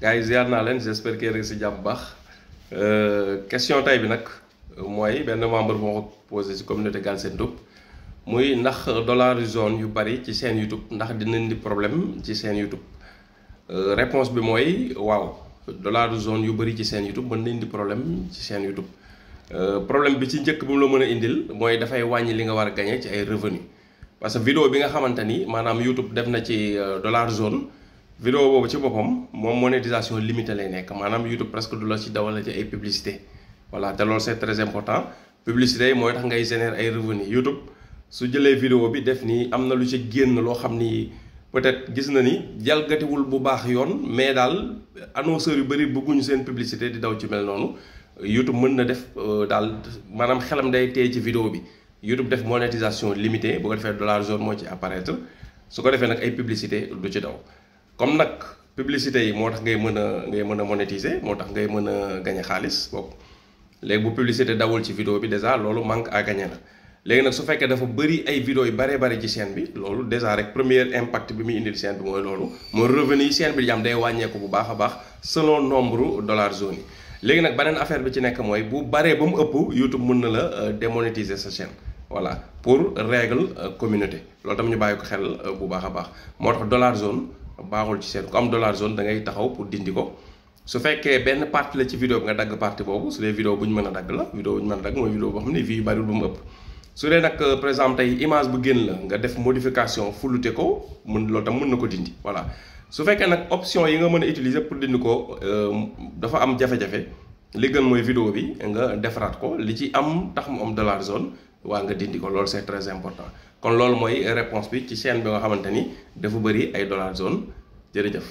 gars yi ziar naa leen j'espère que rek si jàmm baax euh, question tey bi nag mooy benn membre bu ma ko posé si communauté Galsen Tube muy ndax dollar zone yu bari ci seen YouTube ndax dina indi problème ci seen YouTube euh, réponse bi mooy waaw dollar zone yu bari ci seen YouTube mën na indi problème ci seen YouTube euh, problème bi ci njëkk bi mu la mën a indil mooy dafay wàññi li nga war a gagné ci ay revenu parce que vidéo bi nga xamante ni maanaam YouTube def na ci dollar zone vidéo boobu ci boppam moom monétisation limitée lay nekk maanaam YouTube presque du la ci dawal ci ay publicité voilà te loolu c'est très important publicité mooy tax ngay générer ay revenu YouTube su jëlee vidéo bi def nii am na lu ci génn loo xam ni peut-être gis na ni jalgatiwul bu baax yoon mais daal annonceurs yu bëri bëgguñu seen publicité di daw ci mel noonu YouTube mën na def euh, daal maanaam xelam nday téye ci vidéo bi YouTube def monétisation limitée bu ko defee dollar zone moo ci apparaître su ko defee ay publicité du ci daw comme nag publicité yi moo tax ngay mën a ngay mën a monétiser moo tax ngay mën a gañe xaalis boobu léegi bu publicité dawul ci vidéo bi déjà loolu manque à gagner la léegi nag su fekkee dafa bëri ay vidéo yu baree bëri ci chaîne bi loolu déjà rek premier impact bi muy indil chaîne bi mooy loolu moo revenu yi bi di am day wàññeeku bu baax a baax selon nombre dollar zone yi léegi nag beneen affaire bi ci nekk mooy bu baree ba mu ëpp YouTube mën na la euh, démonétiser sa chaîne voilà pour règle euh, communauté loolu tam ñu bàyyi ko xel euh, bu baax a baax moo tax dollar zone baaxul ci seen ku am dollar zone da ngay taxaw pour dindi ko su fekkee benn partie la ci vidéo bi nga dagg partie boobu su dee vidéo bu ñu mën a dagg la vidéo bu ñu mën a dagg mooy vidéo boo xam ne vie yu mu ëpp su dee nag euh, par exemple tey image bu génn la nga def modification fulute ko mën loolu tam mën na ko dindi voilà su fekkee nag option yi nga mën a utiliser pour dindi ko euh, dafa am jafe-jafe li gën mooy vidéo bi nga defaraat ko li ci am tax mu am dollar zone waa nga dindi ko loolu c'est très important kon loolu mooy réponse bi ci chaîne bi nga xamante ni dafa bëri ay dollar zone jërëjëf